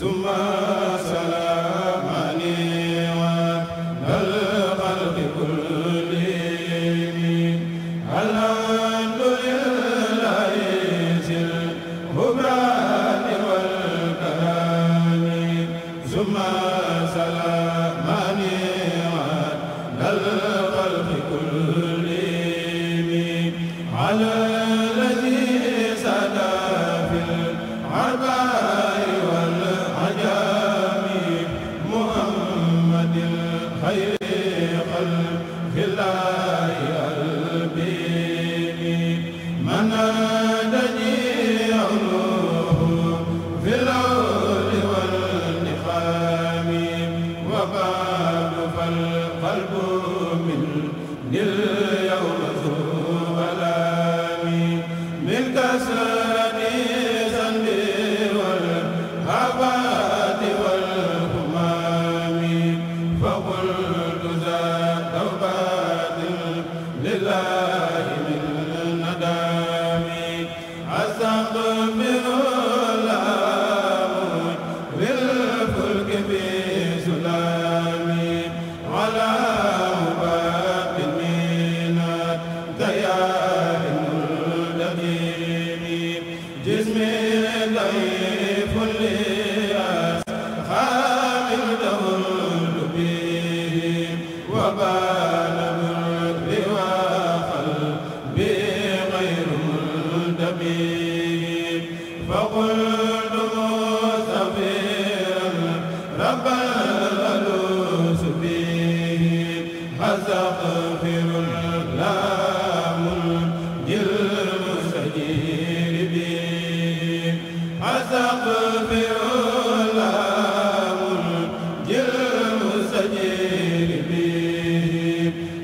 suma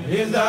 إذا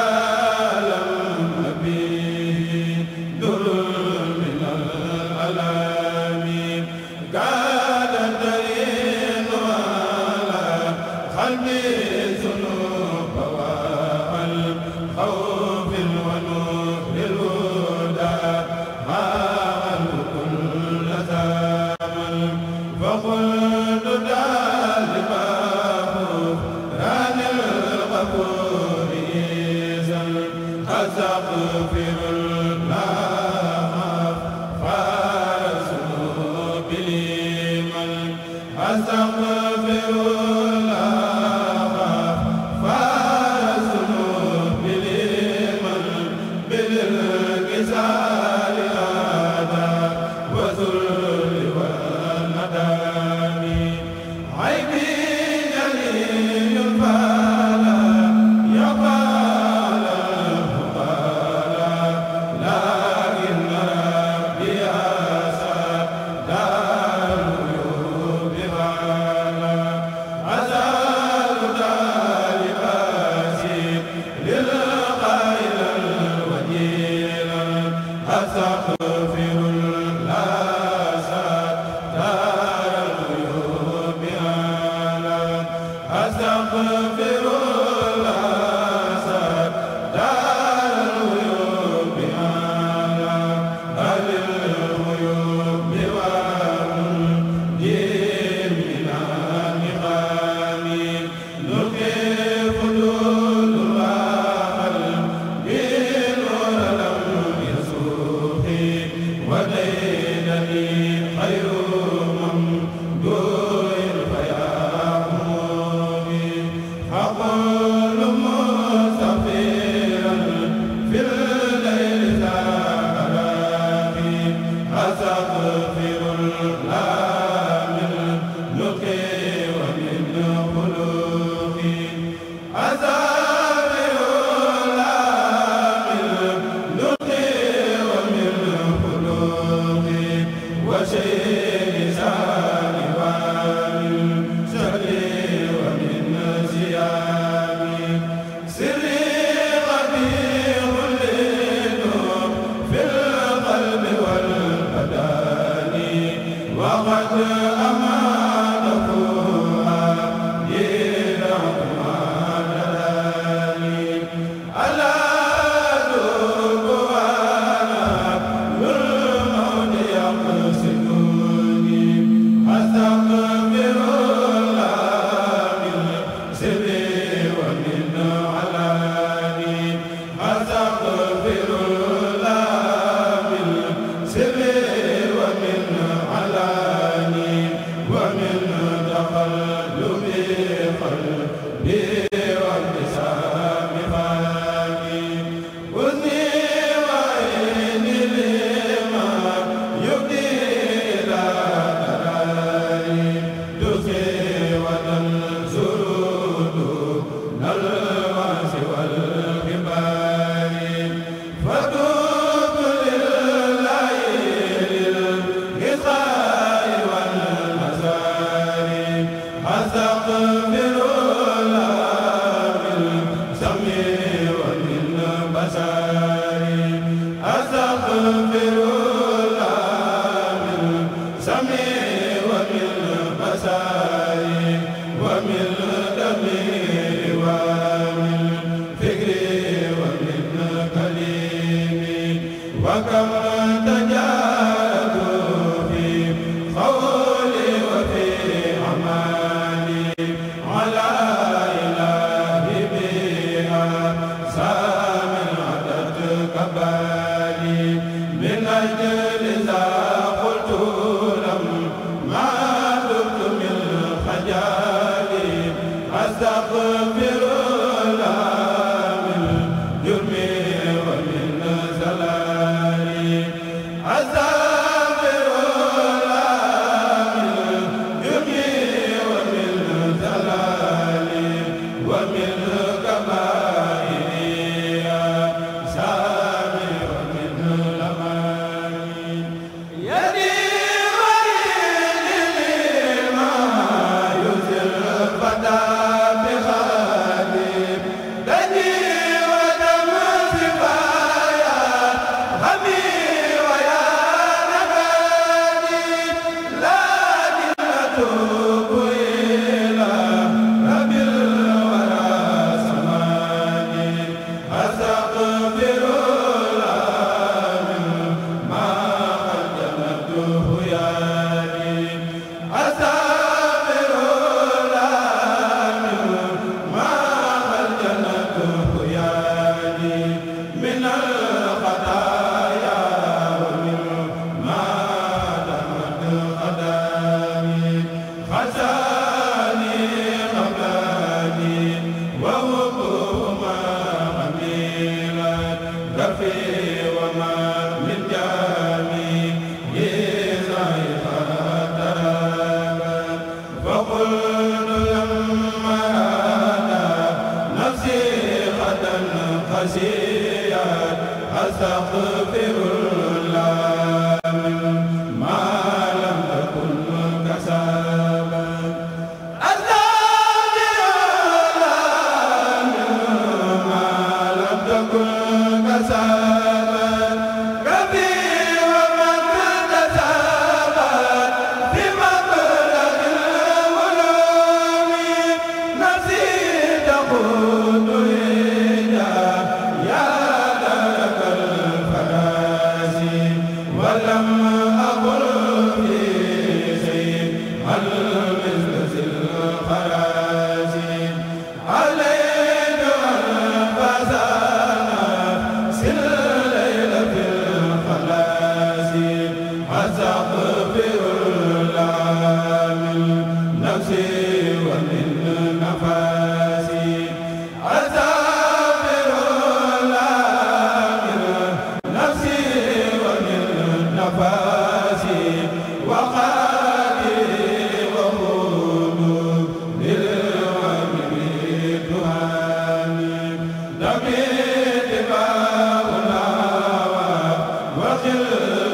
wa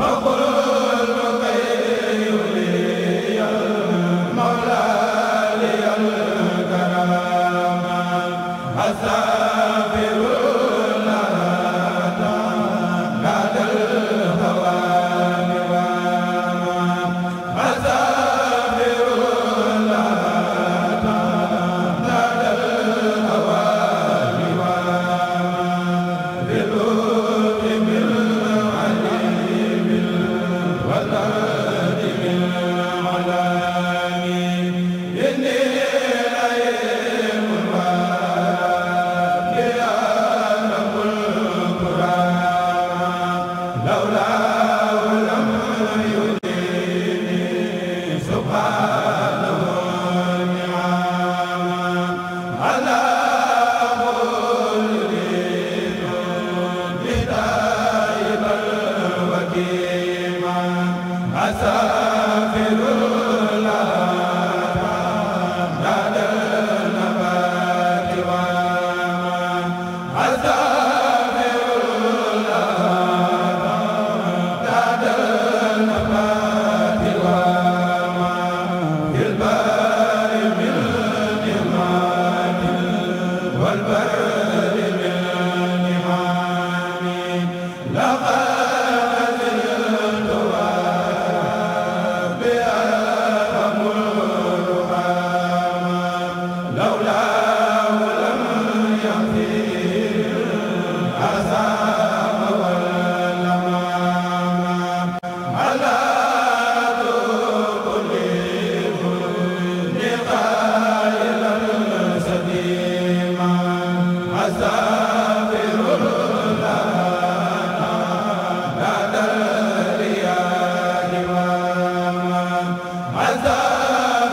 Akbar astaghfiru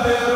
Amen.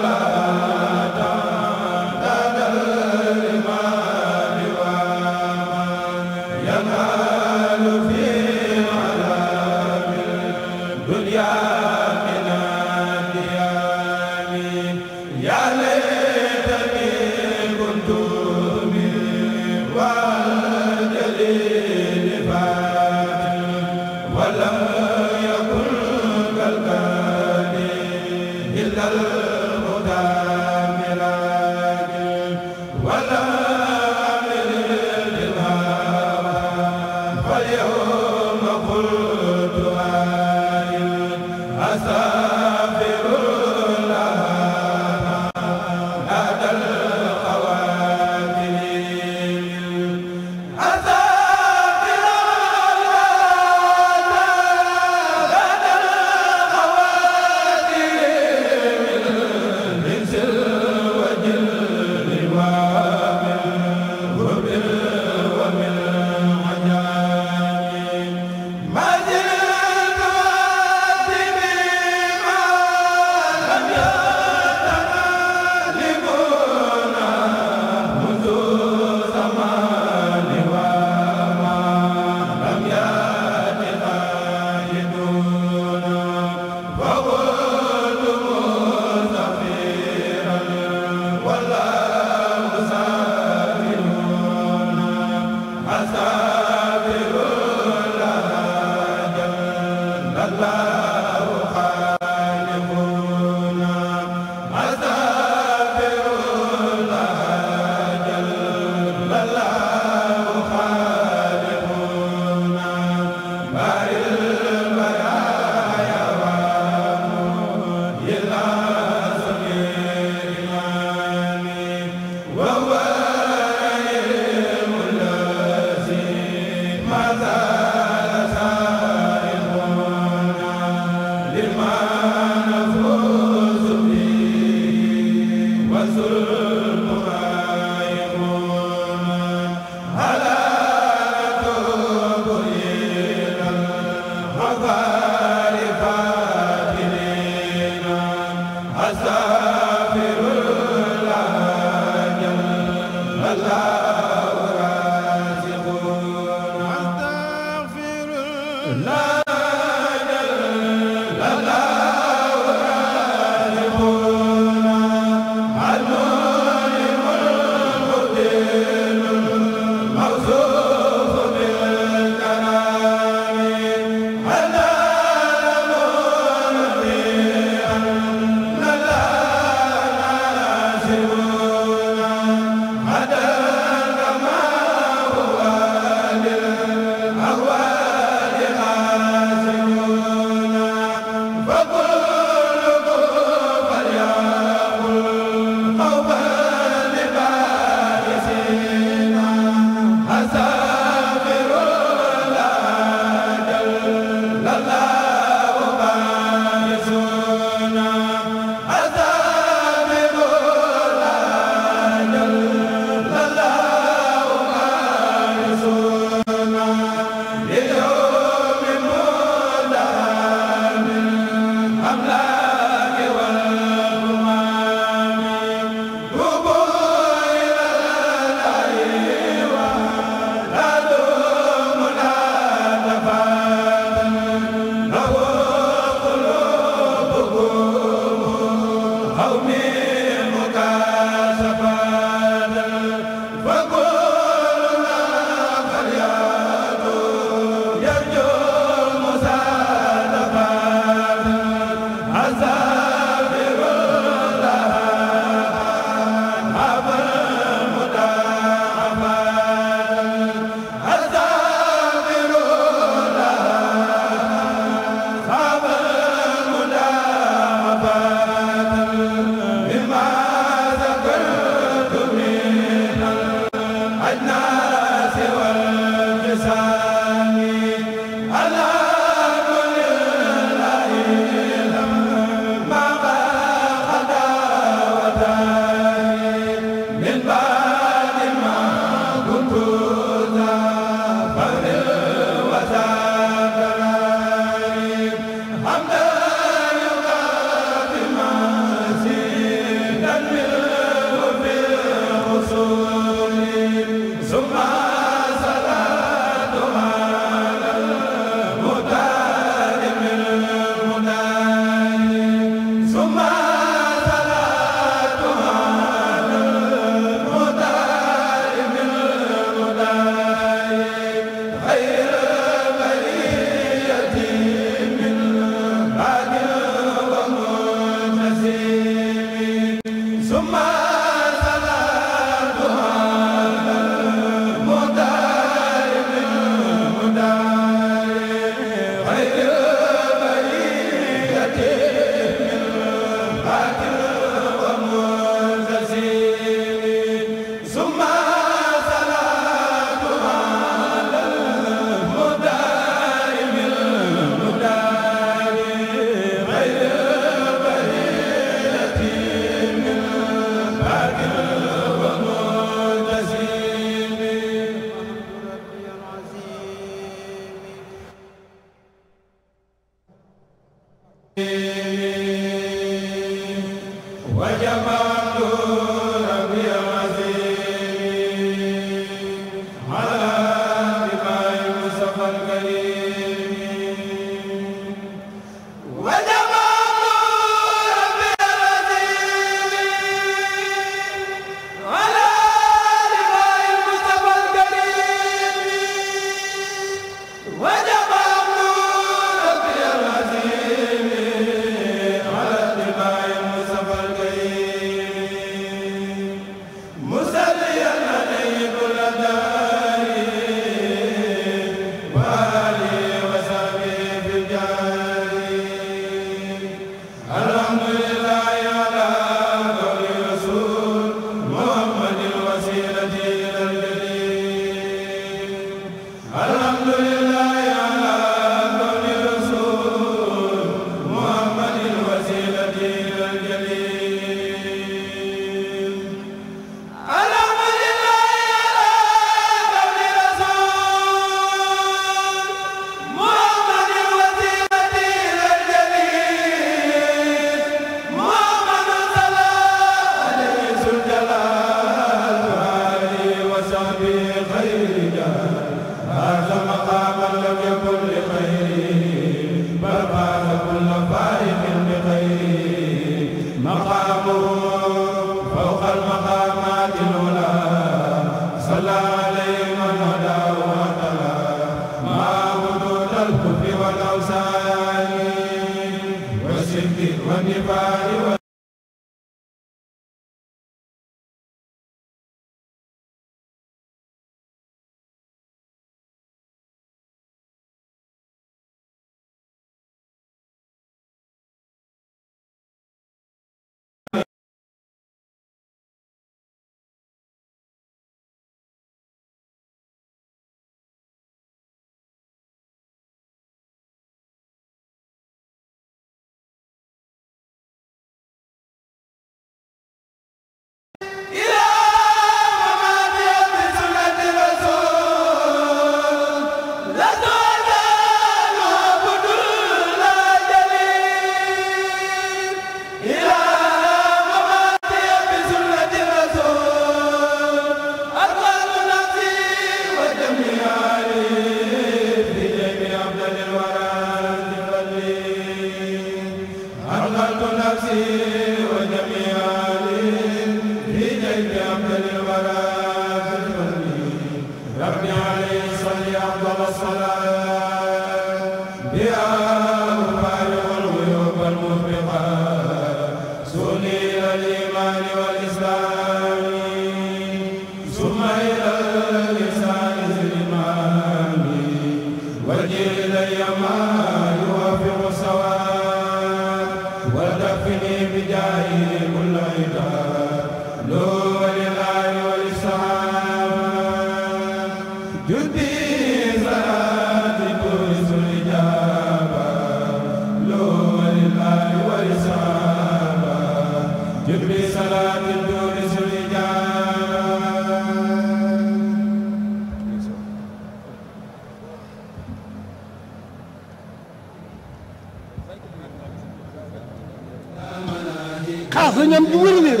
la ñoom bu wér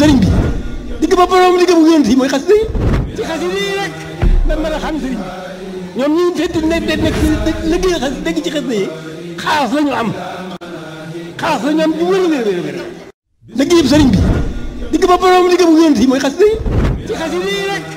sëriñ bi digg ba borom digg bu yónni mooy xasida yi ci xasida yi rek da mën a xam sëriñ bi ñoom ñi fekk ne de nekk liggéey ci xasida yi xaas la ñu am xaas la ñu am bu wér wér wér liggéey bi sëriñ bi digg ba borom digg bu yónni mooy xasida yi ci xasida yi rek